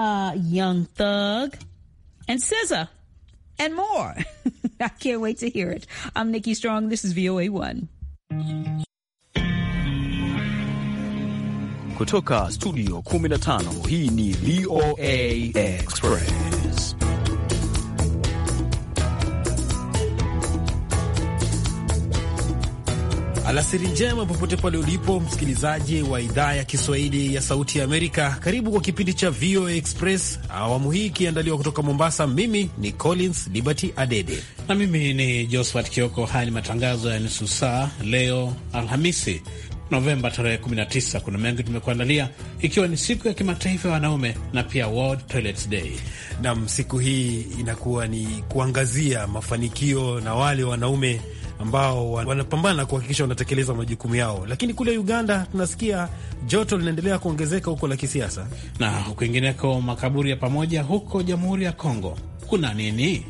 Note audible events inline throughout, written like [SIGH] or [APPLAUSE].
uh, Young Thug, and SZA, and more. [LAUGHS] I can't wait to hear it. I'm Nikki Strong. This is VOA1. Kutoka studio 15 hii ni VOA Express. Alasiri njema popote pale ulipo msikilizaji wa idhaa ya Kiswahili ya Sauti ya Amerika, karibu kwa kipindi cha VOA Express awamu hii ikiandaliwa kutoka Mombasa. Mimi ni Collins Liberty Adede na mimi ni Josphat Kioko. Haya ni matangazo ya nusu saa leo Alhamisi, Novemba tarehe 19. Kuna mengi tumekuandalia, ikiwa ni siku ya kimataifa ya wanaume na pia World Day. Nam, siku hii inakuwa ni kuangazia mafanikio na wale wanaume ambao wanapambana kuhakikisha wanatekeleza majukumu yao. Lakini kule Uganda tunasikia joto linaendelea kuongezeka huko la kisiasa, na kwingineko makaburi ya pamoja huko Jamhuri ya Kongo. Kuna nini?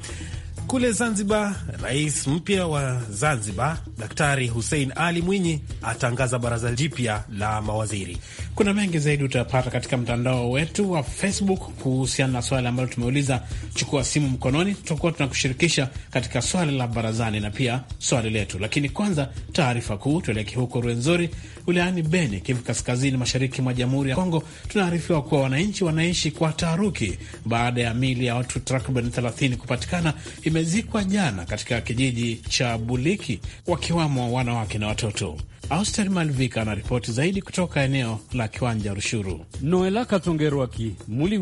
Kule Zanzibar, rais mpya wa Zanzibar Daktari Hussein Ali Mwinyi atangaza baraza jipya la mawaziri. Kuna mengi zaidi utayapata katika mtandao wetu wa Facebook kuhusiana na swali ambalo tumeuliza. Chukua simu mkononi, tutakuwa tunakushirikisha katika swali la barazani na pia swali letu, lakini kwanza taarifa kuu, tuelekee huko Rwenzori wilayani Beni, Kivu Kaskazini, mashariki mwa Jamhuri ya Kongo. Tunaarifiwa kuwa wananchi wanaishi kwa taharuki baada ya mili ya watu takriban 30 kupatikana imezikwa jana katika kijiji cha Buliki, wakiwamo wanawake na watoto. Auster Malvika anaripoti zaidi kutoka eneo la kiwanja Rushuru. Noela Katongerwaki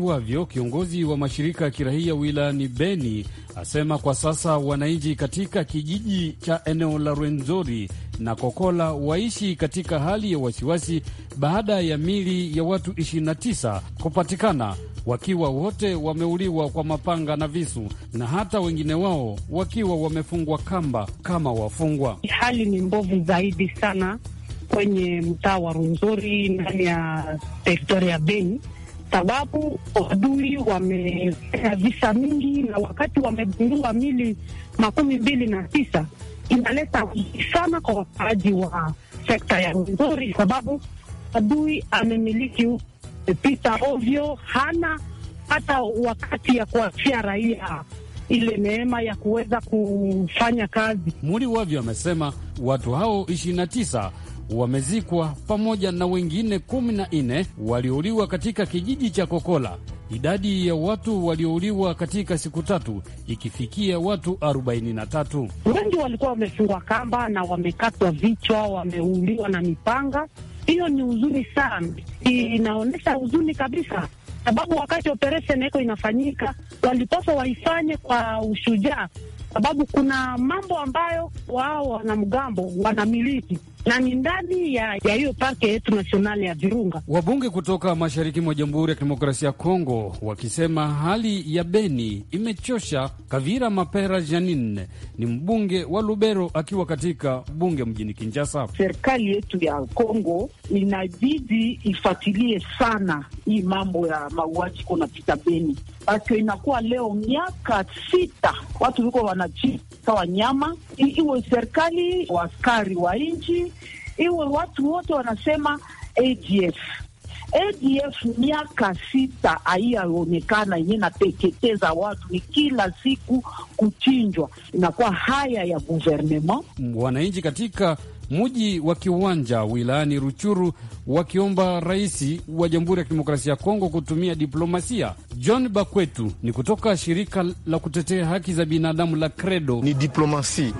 wavyo, kiongozi wa mashirika ya kirahia wilayani Beni, asema kwa sasa wananchi katika kijiji cha eneo la Rwenzori na Kokola waishi katika hali ya wasiwasi baada ya mili ya watu 29 kupatikana wakiwa wote wameuliwa kwa mapanga na visu na hata wengine wao wakiwa wamefungwa kamba kama wafungwa. Hali ni mbovu zaidi sana kwenye mtaa wa Runzori ndani ya teritoria Beni sababu wadui wamefanya visa mingi, na wakati wamegundua mili makumi mbili na tisa inaleta wingi sana kwa wakaaji wa sekta ya runzuri sababu adui amemiliki pita ovyo, hana hata wakati ya kuachia raia ile neema ya kuweza kufanya kazi. Muri wavyo amesema watu hao 29 wamezikwa pamoja na wengine kumi na nne waliouliwa katika kijiji cha Kokola, idadi ya watu waliouliwa katika siku tatu ikifikia watu 43. Wengi walikuwa wamefungwa kamba na wamekatwa vichwa, wameuliwa na mipanga hiyo ni huzuni sana, inaonyesha huzuni kabisa, sababu wakati operation iko inafanyika walipaswa waifanye kwa ushujaa, sababu kuna mambo ambayo wao wanamgambo wanamiliki na ni ndani ya hiyo parke yetu nasionali ya Virunga. Wabunge kutoka mashariki mwa Jamhuri ya Kidemokrasia ya Kongo wakisema hali ya Beni imechosha. Kavira Mapera Janine ni mbunge wa Lubero akiwa katika bunge mjini Kinshasa. Serikali yetu ya Kongo inabidi ifuatilie sana hii mambo ya mauaji kunapita Beni basi inakuwa leo miaka sita watu viko wanajika wanyama, iwe serikali waskari wa nchi, iwe watu wote wanasema ADF ADF miaka sita haiyaonekana, yenye nateketeza watu ni kila siku kuchinjwa, inakuwa haya ya guvernema wananchi katika muji wa Kiwanja wilayani Ruchuru wakiomba rais wa Jamhuri ya Kidemokrasia ya Kongo kutumia diplomasia. John Bakwetu ni kutoka shirika la kutetea haki za binadamu la Credo. Ni diplomasi,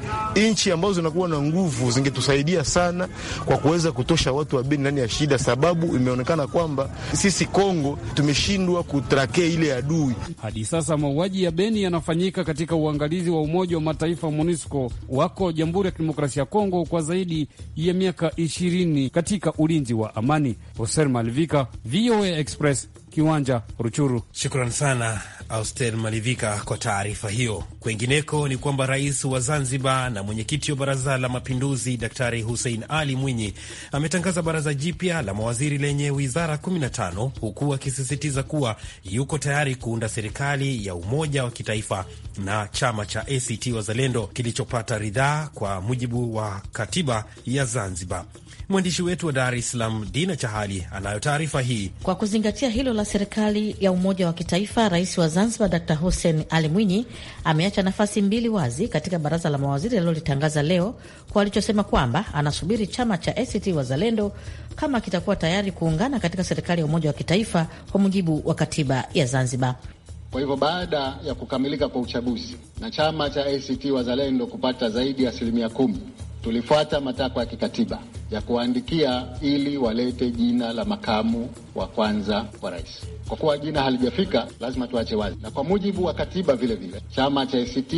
nchi ambazo zinakuwa na nguvu zingetusaidia sana kwa kuweza kutosha watu wa Beni ndani ya shida, sababu imeonekana kwamba sisi Kongo tumeshindwa kutrake ile adui. Hadi sasa mauaji ya Beni yanafanyika katika uangalizi wa Umoja wa Mataifa MONUSCO wako Jamhuri ya Kidemokrasia ya Kongo kwa zaidi ya miaka ishirini katika ulinzi wa amani. Hoser Malvika, VOA Express, kiwanja Ruchuru. Shukran sana Auster Malivika kwa taarifa hiyo. Kwengineko ni kwamba rais wa Zanzibar na mwenyekiti wa baraza la mapinduzi Daktari Hussein Ali Mwinyi ametangaza baraza jipya la mawaziri lenye wizara 15 huku akisisitiza kuwa yuko tayari kuunda serikali ya umoja wa kitaifa na chama cha ACT Wazalendo kilichopata ridhaa kwa mujibu wa katiba ya Zanzibar. Mwandishi wetu wa Dar es Salaam Dina Chahali anayo taarifa hii. Kwa kuzingatia hilo la serikali ya umoja wa kitaifa, rais wa Zanzibar Dr Hussein Ali Mwinyi ameacha nafasi mbili wazi katika baraza la mawaziri alilolitangaza leo kwa alichosema kwamba anasubiri chama cha ACT Wazalendo kama kitakuwa tayari kuungana katika serikali ya umoja wa kitaifa kwa mujibu wa katiba ya Zanzibar. Kwa hivyo baada ya kukamilika kwa uchaguzi na chama cha ACT Wazalendo kupata zaidi ya asilimia kumi tulifuata matakwa ya kikatiba ya kuwaandikia ili walete jina la makamu wa kwanza wa rais. Kwa kuwa jina halijafika, lazima tuache wazi, na kwa mujibu wa katiba vile vile chama cha ACT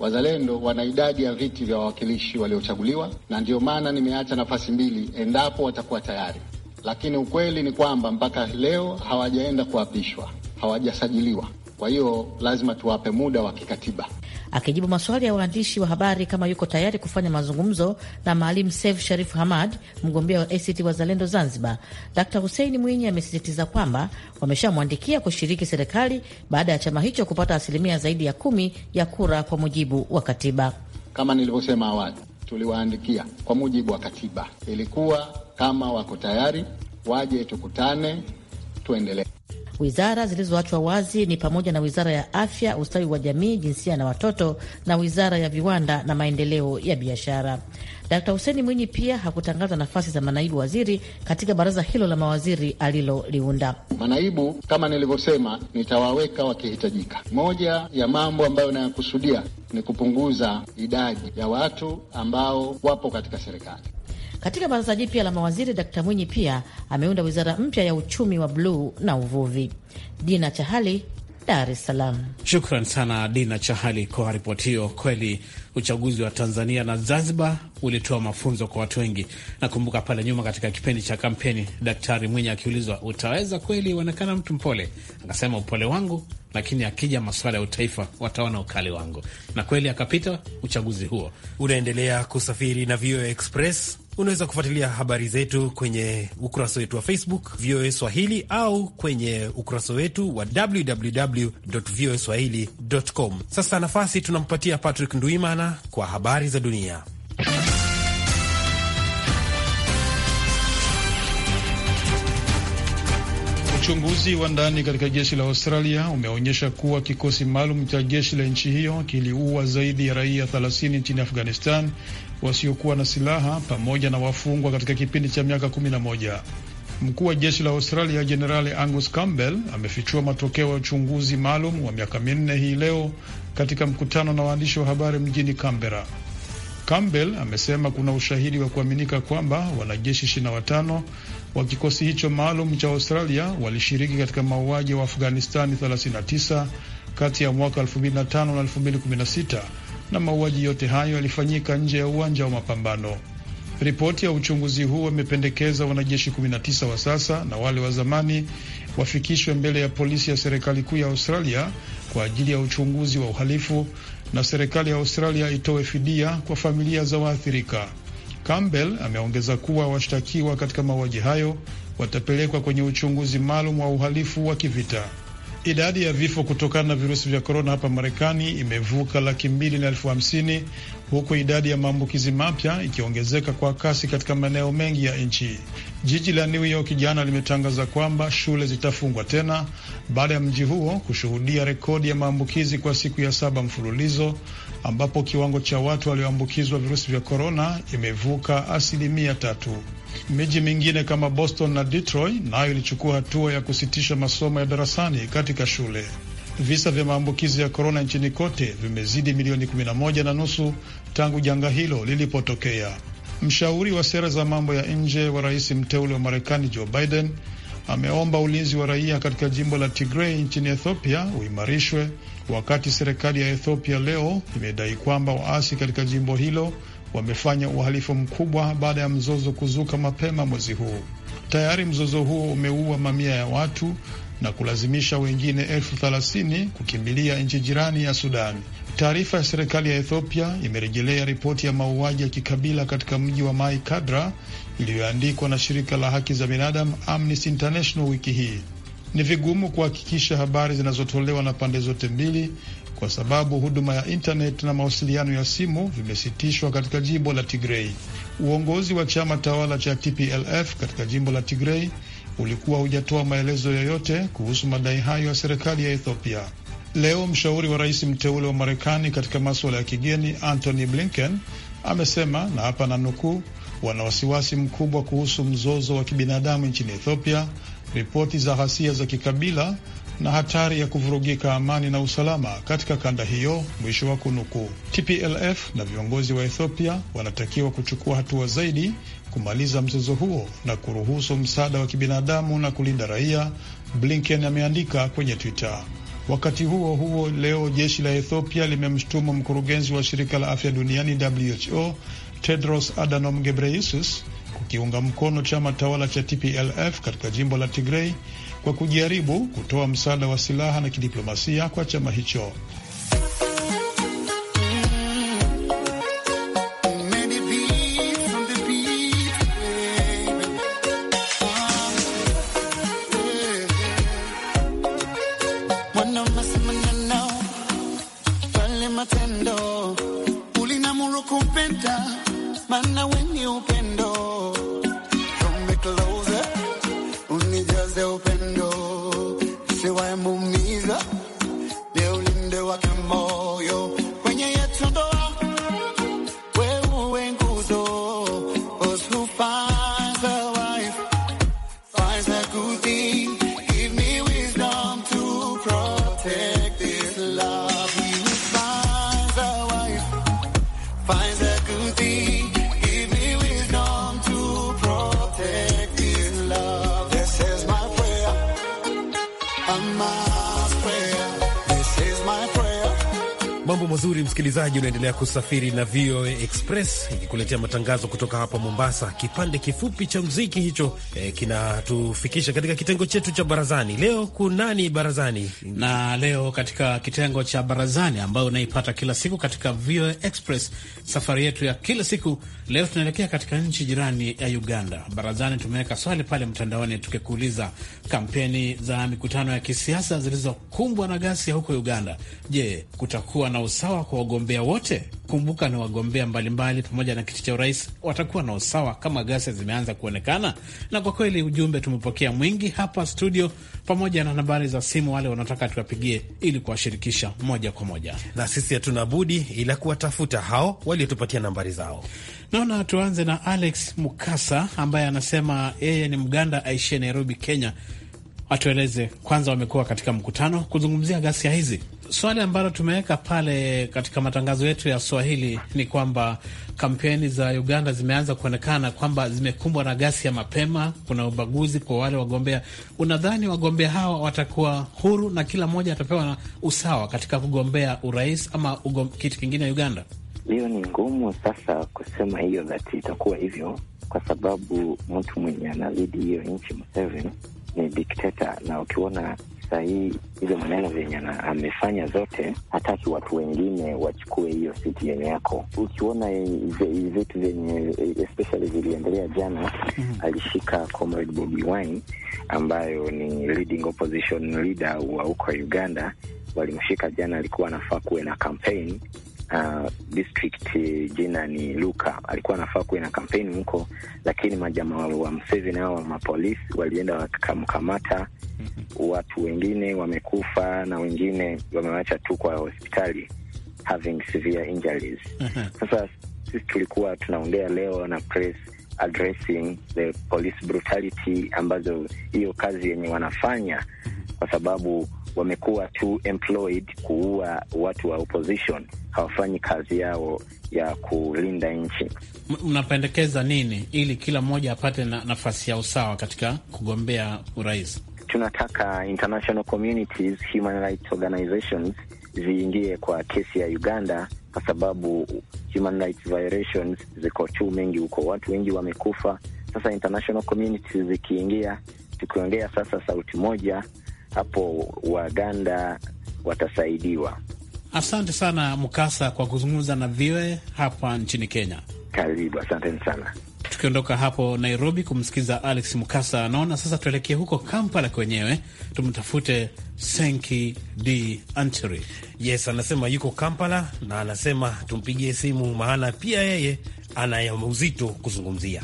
Wazalendo wana idadi ya viti vya wawakilishi waliochaguliwa, na ndiyo maana nimeacha nafasi mbili endapo watakuwa tayari. Lakini ukweli ni kwamba mpaka leo hawajaenda kuapishwa, hawajasajiliwa. Kwa hiyo lazima tuwape muda wa kikatiba akijibu maswali ya waandishi wa habari kama yuko tayari kufanya mazungumzo na Maalim Seif Sharif Hamad, mgombea wa ACT Wazalendo Zanzibar, Dkt Hussein Mwinyi amesisitiza kwamba wameshamwandikia kushiriki serikali baada ya chama hicho kupata asilimia zaidi ya kumi ya kura kwa mujibu wa katiba. Kama nilivyosema awali, tuliwaandikia kwa mujibu wa katiba, ilikuwa kama wako tayari waje tukutane, tuendelee. Wizara zilizoachwa wazi ni pamoja na wizara ya afya, ustawi wa jamii, jinsia na watoto na wizara ya viwanda na maendeleo ya biashara. Dkt huseni Mwinyi pia hakutangaza nafasi za manaibu waziri katika baraza hilo la mawaziri aliloliunda. Manaibu kama nilivyosema, nitawaweka wakihitajika. Moja ya mambo ambayo nayakusudia ni kupunguza idadi ya watu ambao wapo katika serikali. Katika baraza jipya la mawaziri, Dkt Mwinyi pia ameunda wizara mpya ya uchumi wa bluu na uvuvi. Dina Chahali, Dar es Salaam. Shukran sana Dina Chahali kwa ripoti hiyo. Kweli uchaguzi wa Tanzania na Zanzibar ulitoa mafunzo kwa watu wengi. Nakumbuka pale nyuma katika kipindi cha kampeni, Daktari Mwinyi akiulizwa, utaweza kweli, uonekana mtu mpole, akasema upole wangu lakini akija masuala ya utaifa wataona ukali wangu, na kweli akapita uchaguzi huo. Unaendelea kusafiri na VOA Express Unaweza kufuatilia habari zetu kwenye ukurasa wetu wa Facebook VOA Swahili au kwenye ukurasa wetu wa www voa swahili com. Sasa nafasi tunampatia Patrick Nduimana kwa habari za dunia. Uchunguzi wa ndani katika jeshi la Australia umeonyesha kuwa kikosi maalum cha jeshi la nchi hiyo kiliua zaidi ya raia 30 nchini Afghanistan wasiokuwa na silaha pamoja na wafungwa katika kipindi cha miaka 11. Mkuu wa jeshi la Australia Jenerali Angus Campbell amefichua matokeo ya uchunguzi maalum wa miaka minne hii leo katika mkutano na waandishi wa habari mjini Canberra. Campbell amesema kuna ushahidi wa kuaminika kwamba wanajeshi 25 wa kikosi hicho maalum cha Australia walishiriki katika mauaji wa Afghanistani 39 kati ya mwaka 2005 na 2016 na mauaji yote hayo yalifanyika nje ya uwanja wa mapambano. Ripoti ya uchunguzi huo imependekeza wanajeshi 19 wa sasa na wale wa zamani wafikishwe mbele ya polisi ya serikali kuu ya Australia kwa ajili ya uchunguzi wa uhalifu na serikali ya Australia itoe fidia kwa familia za waathirika. Campbell ameongeza kuwa washtakiwa katika mauaji hayo watapelekwa kwenye uchunguzi maalum wa uhalifu wa kivita. Idadi ya vifo kutokana na virusi vya korona hapa Marekani imevuka laki mbili na elfu hamsini huku idadi ya maambukizi mapya ikiongezeka kwa kasi katika maeneo mengi ya nchi. Jiji la New York jana limetangaza kwamba shule zitafungwa tena baada ya mji huo kushuhudia rekodi ya maambukizi kwa siku ya saba mfululizo, ambapo kiwango cha watu walioambukizwa virusi vya korona imevuka asilimia tatu. Miji mingine kama Boston na Detroit nayo ilichukua hatua ya kusitisha masomo ya darasani katika shule. Visa vya maambukizi ya korona nchini kote vimezidi milioni 11 na nusu tangu janga hilo lilipotokea. Mshauri wa sera za mambo ya nje wa rais mteule wa Marekani Joe Biden ameomba ulinzi wa raia katika jimbo la Tigrei nchini Ethiopia uimarishwe, wakati serikali ya Ethiopia leo imedai kwamba waasi katika jimbo hilo wamefanya uhalifu mkubwa baada ya mzozo kuzuka mapema mwezi huu. Tayari mzozo huo umeua mamia ya watu na kulazimisha wengine elfu thelathini kukimbilia nchi jirani ya Sudani. Taarifa ya serikali ya Ethiopia imerejelea ripoti ya mauaji ya kikabila katika mji wa Mai Kadra iliyoandikwa na shirika la haki za binadamu Amnesty International wiki hii. Ni vigumu kuhakikisha habari zinazotolewa na pande zote mbili kwa sababu huduma ya intanet na mawasiliano ya simu vimesitishwa katika jimbo la Tigrei. Uongozi wa chama tawala cha TPLF katika jimbo la Tigrei ulikuwa hujatoa maelezo yoyote kuhusu madai hayo ya serikali ya Ethiopia. Leo mshauri wa rais mteule wa Marekani katika maswala ya kigeni Antony Blinken amesema, na hapa na nukuu, wana wasiwasi mkubwa kuhusu mzozo wa kibinadamu nchini Ethiopia, ripoti za ghasia za kikabila na hatari ya kuvurugika amani na usalama katika kanda hiyo, mwisho wa kunukuu. TPLF na viongozi wa Ethiopia wanatakiwa kuchukua hatua zaidi kumaliza mzozo huo na kuruhusu msaada wa kibinadamu na kulinda raia, Blinken ameandika kwenye Twitter. Wakati huo huo, leo jeshi la Ethiopia limemshutumu mkurugenzi wa shirika la afya duniani WHO Tedros Adhanom Ghebreyesus kukiunga mkono chama tawala cha TPLF katika jimbo la Tigrei kwa kujaribu kutoa msaada wa silaha na kidiplomasia kwa chama hicho. nzuri, msikilizaji, unaendelea kusafiri na VOA Express ikikuletea matangazo kutoka hapa Mombasa. Kipande kifupi cha mziki hicho eh, kinatufikisha katika kitengo chetu cha barazani. Leo kunani barazani? Na leo katika kitengo cha barazani ambayo unaipata kila siku katika VOA Express, safari yetu ya kila siku, leo tunaelekea katika nchi jirani ya Uganda. Barazani tumeweka swali pale mtandaoni tukikuuliza, kampeni za mikutano ya kisiasa zilizokumbwa na ghasia huko Uganda, je, kutakuwa na usawa usawa kwa wagombea wote. Kumbuka na wagombea mbalimbali pamoja na kiti cha urais watakuwa na usawa kama ghasia zimeanza kuonekana. Na kwa kweli ujumbe tumepokea mwingi hapa studio, pamoja na nambari za simu wale wanaotaka tuwapigie ili kuwashirikisha moja kwa moja, na sisi hatuna budi ila kuwatafuta hao waliotupatia nambari zao. Naona tuanze na Alex Mukasa ambaye anasema yeye ni Mganda aishie Nairobi, Kenya. Atueleze kwanza, wamekuwa katika mkutano kuzungumzia ghasia hizi swali ambalo tumeweka pale katika matangazo yetu ya Swahili ni kwamba kampeni za Uganda zimeanza kuonekana kwamba zimekumbwa na ghasia mapema. Kuna ubaguzi kwa wale wagombea. Unadhani wagombea hawa watakuwa huru na kila mmoja atapewa na usawa katika kugombea urais ama ugom, kitu kingine ya Uganda? Hiyo ni ngumu sasa kusema hiyo dhati itakuwa hivyo, kwa sababu mtu mwenye anazidi hiyo nchi Museveni ni dikteta, na ukiona sahihi hivyo maneno venye amefanya zote, hataki watu wengine wachukue hiyo yenye yako. Ukiona vitu vyenye especially viliendelea jana, mhm. alishika comrade Bobi Wine ambayo ni leading opposition leader wa huko Uganda, walimshika jana, alikuwa anafaa kuwe na campaign uh, district eh, jina ni Luka, alikuwa anafaa kuwe na kampeni huko, lakini majamaa wa Mseveni hao wa mapolisi walienda wakamkamata. Mhm. Watu wengine wamekufa na wengine wamewacha tu kwa hospitali having severe injuries. Mhm. Sasa sisi tulikuwa tunaongea leo na press addressing the police brutality, ambazo hiyo kazi yenye wanafanya mhm. kwa sababu wamekuwa tu employed kuua watu wa opposition, hawafanyi kazi yao ya kulinda nchi. Mnapendekeza nini ili kila mmoja apate na nafasi ya usawa katika kugombea urais? Tunataka international communities, human rights organizations ziingie kwa kesi ya Uganda kwa sababu human rights violations ziko tu mengi huko, watu wengi wamekufa. Sasa international communities zikiingia, tukiongea sasa sauti moja hapo Waganda watasaidiwa. Asante sana Mkasa kwa kuzungumza na VOA hapa nchini Kenya. Karibu, asanteni sana. Tukiondoka hapo Nairobi kumsikiza Alex Mkasa, naona sasa tuelekee huko Kampala kwenyewe tumtafute Senki D Antery. Yes, anasema yuko Kampala na anasema tumpigie simu, maana pia yeye anaya uzito kuzungumzia.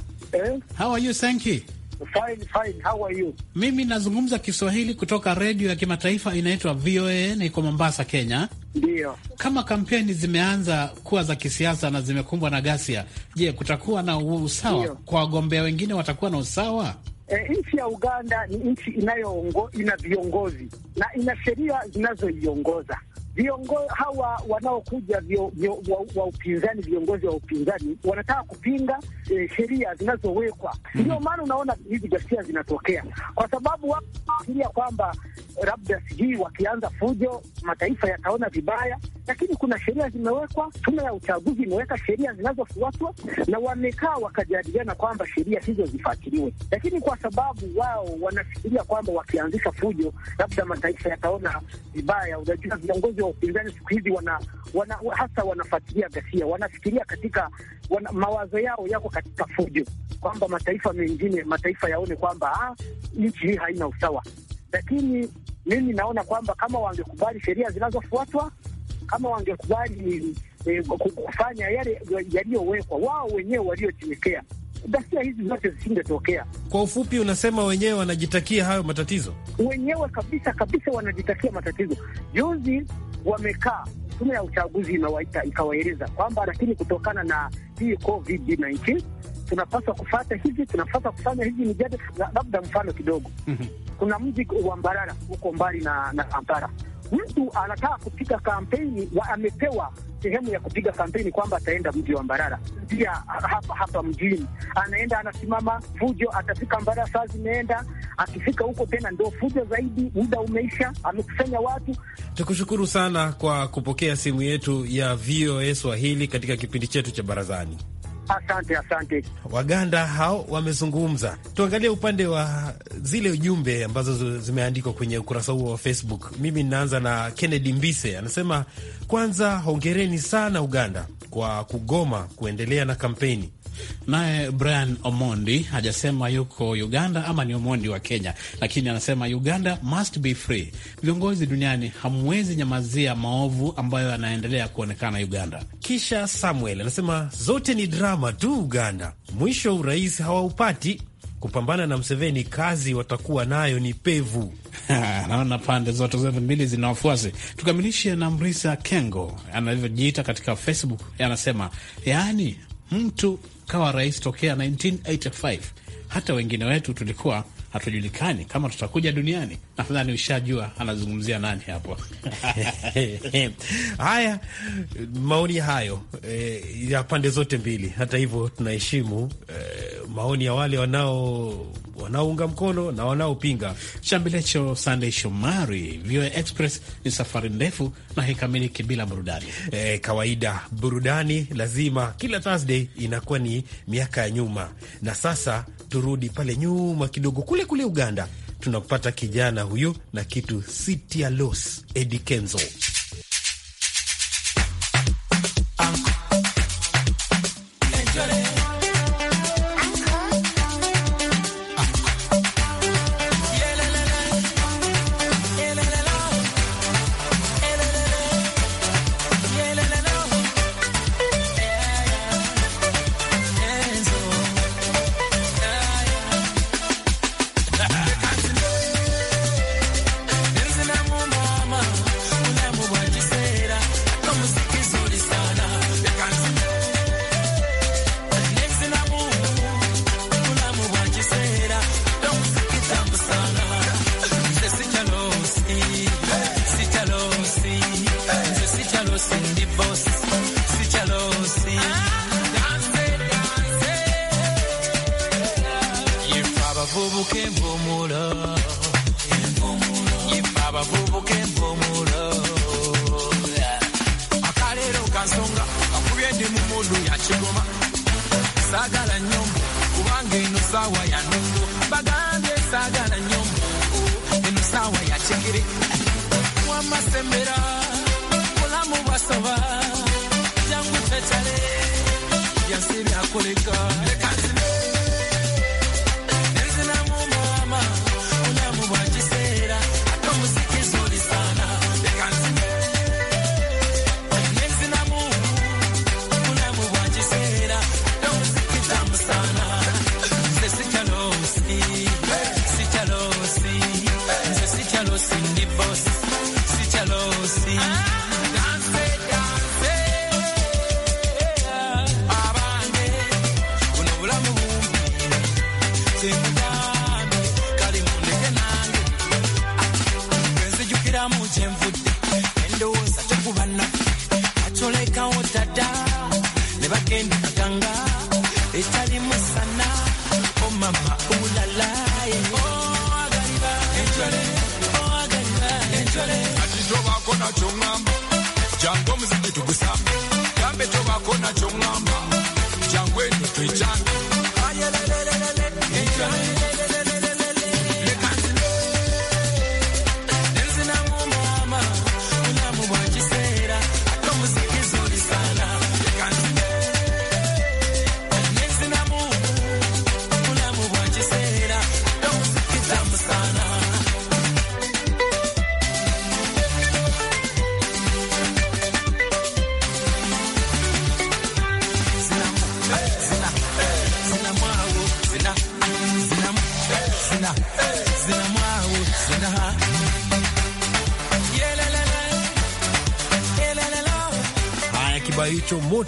How are you Senki? Fine, fine. How are you? Mimi nazungumza Kiswahili kutoka redio ya kimataifa inaitwa VOA, niko Mombasa, Kenya. Ndio, kama kampeni zimeanza kuwa za kisiasa na zimekumbwa na ghasia, je, kutakuwa na usawa? Dio. Kwa wagombea wengine watakuwa na usawa? E, nchi ya Uganda ni nchi inayoongo, ina viongozi na ina sheria zinazoiongoza viongozi hawa wanaokuja vio, vio, wa, wa upinzani, viongozi wa upinzani wanataka kupinga e, sheria zinazowekwa. Mhm. Ndio maana unaona hizi ghasia zinatokea, kwa sababu wafikiria kwamba labda sijui wakianza fujo mataifa yataona vibaya, lakini kuna sheria zimewekwa. Tume ya uchaguzi imeweka sheria zinazofuatwa, na wamekaa wakajadiliana kwamba sheria hizo zifuatiliwe, lakini kwa sababu wao wanafikiria kwamba wakianzisha fujo labda mataifa yataona vibaya, unajua viongozi viongozi wa upinzani siku hizi wana, wana, hasa wanafuatilia ghasia, wanafikiria katika wana, mawazo yao yako katika fujo, kwamba mataifa mengine mataifa yaone kwamba ah, nchi hii haina usawa. Lakini mimi naona kwamba kama wangekubali sheria zinazofuatwa, kama wangekubali e, kufanya yale yaliyowekwa wao wenyewe waliojiwekea ghasia hizi zote zisingetokea. Kwa ufupi, unasema wenyewe wanajitakia hayo matatizo, wenyewe kabisa kabisa wanajitakia matatizo. Juzi wamekaa, tume ya uchaguzi imewaita ikawaeleza kwamba lakini kutokana na hii COVID 19 tunapaswa kufata hivi, tunapaswa kufanya hivi. Ni labda mfano kidogo, mhm. kuna mji wa Mbarara huko mbali na, na mtu anataka kupiga kampeni, amepewa sehemu ya kupiga kampeni kwamba ataenda mji wa Mbarara, pia hapa hapa mjini anaenda, anasimama fujo, atafika Mbarara saa zimeenda. Akifika huko tena ndo fujo zaidi, muda umeisha, amekusanya watu. Tukushukuru sana kwa kupokea simu yetu ya VOA Swahili katika kipindi chetu cha Barazani. Asante, asante. Waganda hao wamezungumza. Tuangalie upande wa zile ujumbe ambazo zimeandikwa kwenye ukurasa huo wa Facebook. Mimi ninaanza na Kennedy Mbise, anasema kwanza, hongereni sana Uganda kwa kugoma kuendelea na kampeni Naye Brian Omondi hajasema yuko Uganda ama ni Omondi wa Kenya, lakini anasema Uganda must be free. Viongozi duniani hamwezi nyamazia maovu ambayo yanaendelea kuonekana Uganda. Kisha Samuel anasema zote ni drama tu Uganda, mwisho urais hawaupati kupambana na Mseveni, kazi watakuwa nayo ni pevu. [LAUGHS] Naona pande zote zote mbili zina wafuasi. Tukamilishe na Mrisa Kengo anavyojiita katika Facebook, anasema yaani mtu akawa rais tokea 1985 hata wengine wetu tulikuwa hatujulikani kama tutakuja duniani. Nadhani ushajua anazungumzia nani hapo. [LAUGHS] Haya, maoni hayo e, ya pande zote mbili. Hata hivyo tunaheshimu eh, maoni ya wale wanao wanaounga mkono na wanaopinga. Chambilecho sandey Shomari, VOA Express ni safari ndefu na haikamiliki bila burudani. E, kawaida burudani lazima kila Thursday inakuwa ni miaka ya nyuma, na sasa turudi pale nyuma kidogo, kule kule Uganda tunapata kijana huyu na kitu City ya Los Edikenzo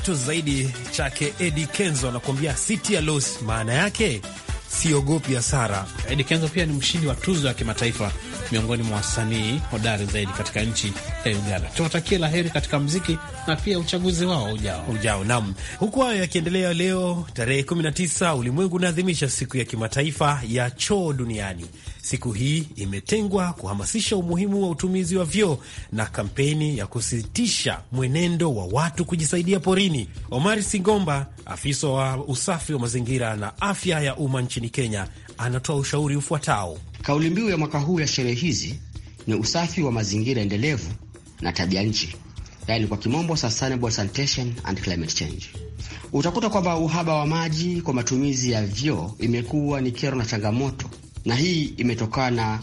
moto zaidi chake Eddie Kenzo anakuambia City ya Los, maana yake siogopi hasara. Eddie Kenzo pia ni mshindi wa tuzo ya kimataifa miongoni mwa wasanii hodari zaidi katika nchi ya eh, Uganda. Tunatakia la heri katika mziki na pia uchaguzi wao ujao ujao. Nam, huku hayo yakiendelea, leo tarehe 19 ulimwengu unaadhimisha siku ya kimataifa ya choo duniani. Siku hii imetengwa kuhamasisha umuhimu wa utumizi wa vyoo na kampeni ya kusitisha mwenendo wa watu kujisaidia porini. Omari Singomba, afisa wa usafi wa mazingira na afya ya umma nchini Kenya, anatoa ushauri ufuatao. Kauli mbiu ya mwaka huu ya sherehe hizi ni usafi wa mazingira endelevu na tabia nchi, yani kwa kimombo sustainable sanitation and climate change. Utakuta kwamba uhaba wa maji kwa matumizi ya vyoo imekuwa ni kero na changamoto, na hii imetokana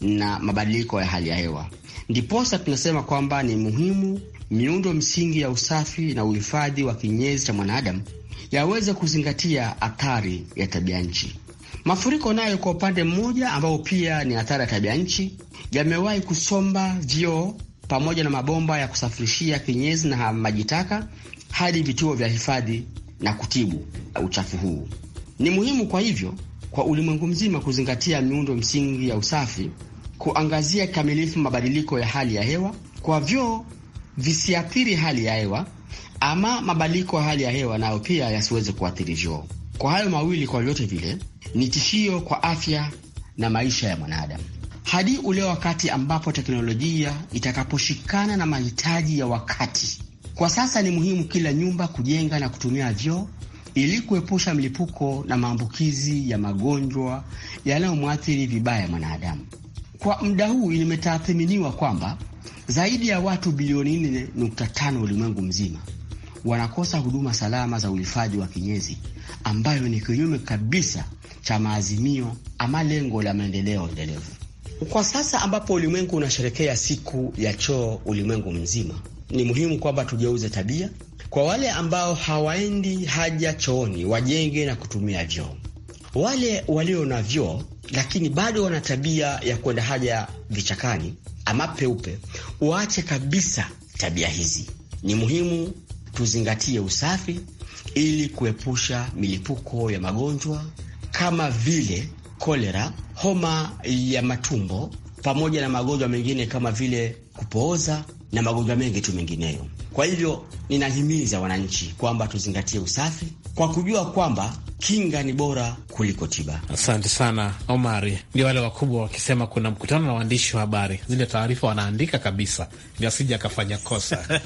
na mabadiliko ya hali ya hewa. Ndiposa tunasema kwamba ni muhimu miundo msingi ya usafi na uhifadhi wa kinyezi cha mwanadamu yaweze kuzingatia athari ya tabia nchi. Mafuriko nayo kwa upande mmoja, ambao pia ni athari ya tabia nchi, yamewahi kusomba vyoo pamoja na mabomba ya kusafirishia kinyesi na maji taka hadi vituo vya hifadhi na kutibu uchafu huu. Ni muhimu kwa hivyo kwa ulimwengu mzima kuzingatia miundo msingi ya usafi, kuangazia kikamilifu mabadiliko ya hali ya hewa kwa vyoo visiathiri hali ya hewa ama mabadiliko ya hali ya hewa nayo pia yasiweze kuathiri vyoo. Kwa hayo mawili, kwa vyote vile ni tishio kwa afya na maisha ya mwanadamu hadi ule wakati ambapo teknolojia itakaposhikana na mahitaji ya wakati. Kwa sasa ni muhimu kila nyumba kujenga na kutumia vyoo ili kuepusha mlipuko na maambukizi ya magonjwa yanayomwathiri vibaya mwanadamu. Kwa muda huu imetathiminiwa kwamba zaidi ya watu bilioni 4.5 ulimwengu mzima wanakosa huduma salama za uhifadhi wa kinyesi, ambayo ni kinyume kabisa cha maazimio ama lengo la maendeleo endelevu. Kwa sasa ambapo ulimwengu unasherekea siku ya choo ulimwengu mzima, ni muhimu kwamba tugeuze tabia. Kwa wale ambao hawaendi haja chooni, wajenge na kutumia vyoo. Wale walio na vyoo lakini bado wana tabia ya kwenda haja vichakani ama peupe, waache kabisa tabia hizi. Ni muhimu tuzingatie usafi ili kuepusha milipuko ya magonjwa kama vile kolera, homa ya matumbo pamoja na magonjwa mengine kama vile kupooza na magonjwa mengi tu mengineyo. Kwa hivyo ninahimiza wananchi kwamba tuzingatie usafi kwa kujua kwamba kinga ni bora kuliko tiba. Asante sana Omari. Ndio wale wakubwa wakisema kuna mkutano na waandishi wa habari, zile taarifa wanaandika kabisa, ndio asija akafanya kosa.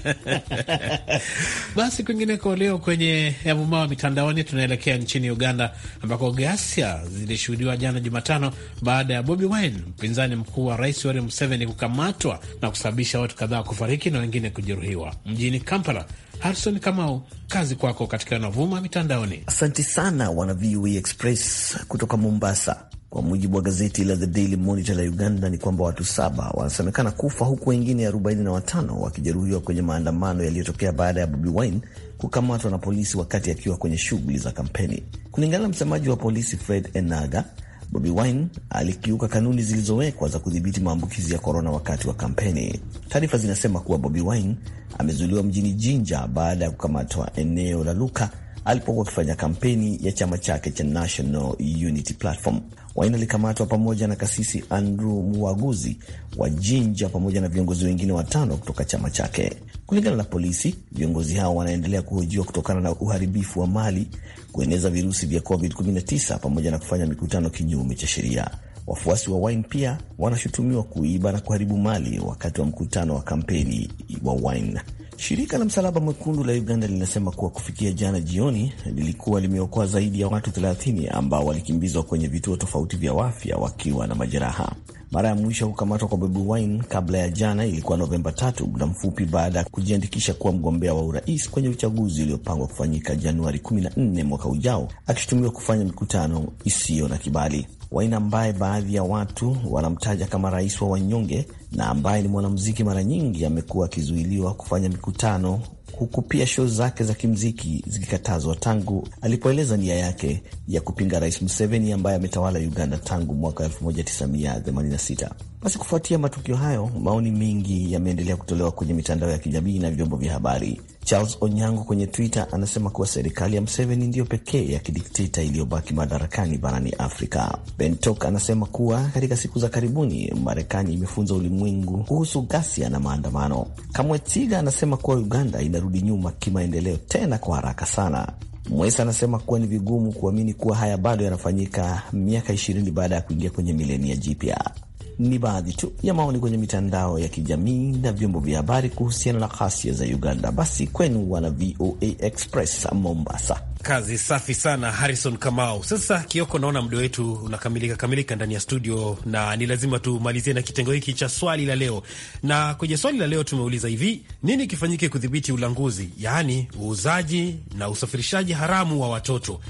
[LAUGHS] Basi kwingineko, leo kwenye yavumawa mitandaoni, tunaelekea nchini Uganda ambako ghasia zilishuhudiwa jana Jumatano baada ya Bobi Wine, mpinzani mkuu wa rais Yoweri Museveni, kukamatwa na kusababisha watu kadhaa kufariki na wengine kujeruhiwa mjini Kampala. Harison Kamau, kazi kwako katika yanavuma mitandaoni. Asante sana wana VOA e Express kutoka Mombasa. Kwa mujibu wa gazeti la The Daily Monitor la Uganda ni kwamba watu saba wanasemekana kufa huku wengine 45 wakijeruhiwa kwenye maandamano yaliyotokea baada ya Bobi Wine kukamatwa na polisi wakati akiwa kwenye shughuli za kampeni. Kulingana na msemaji wa polisi Fred Enaga, Bobi Wine alikiuka kanuni zilizowekwa za kudhibiti maambukizi ya korona wakati wa kampeni. Taarifa zinasema kuwa Bobi Wine amezuliwa mjini Jinja baada ya kukamatwa eneo la Luka alipokuwa akifanya kampeni ya chama chake cha National Unity Platform. Waina alikamatwa pamoja na kasisi Andrew Muaguzi wa Jinja pamoja na viongozi wengine watano kutoka chama chake. Kulingana na polisi, viongozi hao wanaendelea kuhojiwa kutokana na uharibifu wa mali, kueneza virusi vya COVID-19 pamoja na kufanya mikutano kinyume cha sheria. Wafuasi wa Wine pia wanashutumiwa kuiba na kuharibu mali wakati wa mkutano wa kampeni wa Wine. Shirika la Msalaba Mwekundu la Uganda linasema kuwa kufikia jana jioni lilikuwa limeokoa zaidi ya watu 30 ambao walikimbizwa kwenye vituo tofauti vya afya wakiwa na majeraha. Mara ya mwisho kukamatwa kwa Bobi Wine kabla ya jana ilikuwa Novemba tatu, muda mfupi baada ya kujiandikisha kuwa mgombea wa urais kwenye uchaguzi uliopangwa kufanyika Januari 14 mwaka ujao, akishutumiwa kufanya mikutano isiyo na kibali. Wine ambaye baadhi ya watu wanamtaja kama rais wa wanyonge na ambaye ni mwanamuziki, mara nyingi amekuwa akizuiliwa kufanya mikutano huku pia show zake za kimziki zikikatazwa tangu alipoeleza nia yake ya kupinga Rais Museveni ambaye ametawala Uganda tangu mwaka 1986. Basi kufuatia matukio hayo, maoni mengi yameendelea kutolewa kwenye mitandao ya kijamii na vyombo vya habari. Charles Onyango kwenye Twitter anasema kuwa serikali ya Museveni ndiyo pekee ya kidikteta iliyobaki madarakani barani Afrika. Bentok anasema kuwa katika siku za karibuni Marekani imefunza ulimwengu kuhusu ghasia na maandamano. Kamwetiga anasema kuwa Uganda inarudi nyuma kimaendeleo tena kwa haraka sana. Mwesa anasema kuwa ni vigumu kuamini kuwa haya bado yanafanyika miaka ishirini baada ya kuingia kwenye milenia jipya. Ni baadhi tu ya maoni kwenye mitandao ya kijamii na vyombo vya habari kuhusiana na ghasia za Uganda. Basi kwenu wana VOA Express Mombasa. Kazi safi sana Harrison Kamau. Sasa Kioko, naona muda wetu unakamilika kamilika ndani ya studio, na ni lazima tumalizie na kitengo hiki cha swali la leo. Na kwenye swali la leo tumeuliza hivi, nini kifanyike kudhibiti ulanguzi, yaani uuzaji na usafirishaji haramu wa watoto?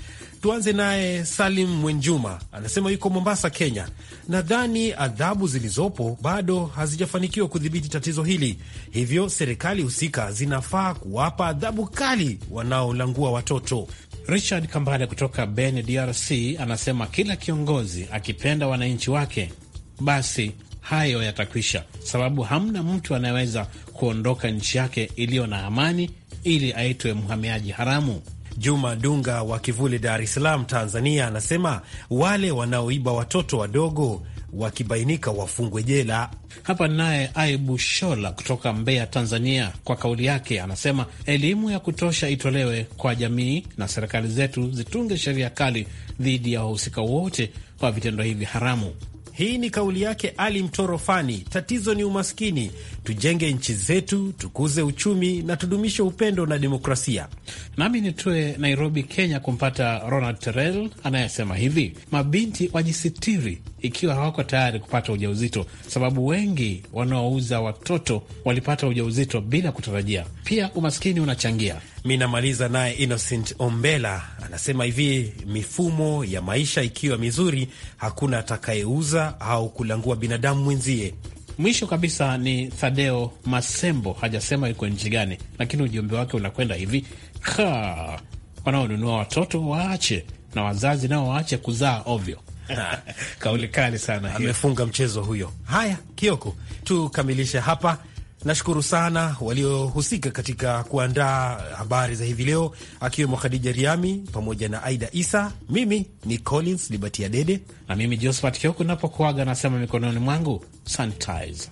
Tuanze naye Salim Mwenjuma, anasema yuko Mombasa, Kenya. Nadhani adhabu zilizopo bado hazijafanikiwa kudhibiti tatizo hili, hivyo serikali husika zinafaa kuwapa adhabu kali wanaolangua watoto. Richard Kambale kutoka Beni, DRC, anasema kila kiongozi akipenda wananchi wake, basi hayo yatakwisha, sababu hamna mtu anayeweza kuondoka nchi yake iliyo na amani ili aitwe mhamiaji haramu. Juma Dunga wa Kivule, Dar es Salaam, Tanzania, anasema wale wanaoiba watoto wadogo wakibainika wafungwe jela. Hapa naye Aibu Shola kutoka Mbeya, Tanzania, kwa kauli yake anasema elimu ya kutosha itolewe kwa jamii na serikali zetu zitunge sheria kali dhidi ya wahusika wote wa vitendo hivi haramu. Hii ni kauli yake Ali Mtorofani. Tatizo ni umaskini, tujenge nchi zetu, tukuze uchumi na tudumishe upendo na demokrasia. Nami nitue Nairobi, Kenya, kumpata Ronald Terrell anayesema hivi, mabinti wajisitiri ikiwa hawako tayari kupata ujauzito, sababu wengi wanaouza watoto walipata ujauzito bila kutarajia. Pia umaskini unachangia. Mi namaliza naye Innocent Ombela anasema hivi, mifumo ya maisha ikiwa mizuri, hakuna atakayeuza au kulangua binadamu mwenzie. Mwisho kabisa ni Thadeo Masembo, hajasema yuko nchi gani, lakini ujumbe wake unakwenda hivi wanaonunua watoto waache na wazazi nao waache kuzaa ovyo. [LAUGHS] kauli kali sana hiyo, amefunga mchezo huyo. Haya, Kioko, tukamilishe hapa. Nashukuru sana waliohusika katika kuandaa habari za hivi leo, akiwemo Khadija Riami pamoja na Aida Isa. Mimi ni Collins Libatia Dede na mimi Josphat Kioko, napokuaga nasema mikononi mwangu sanitize.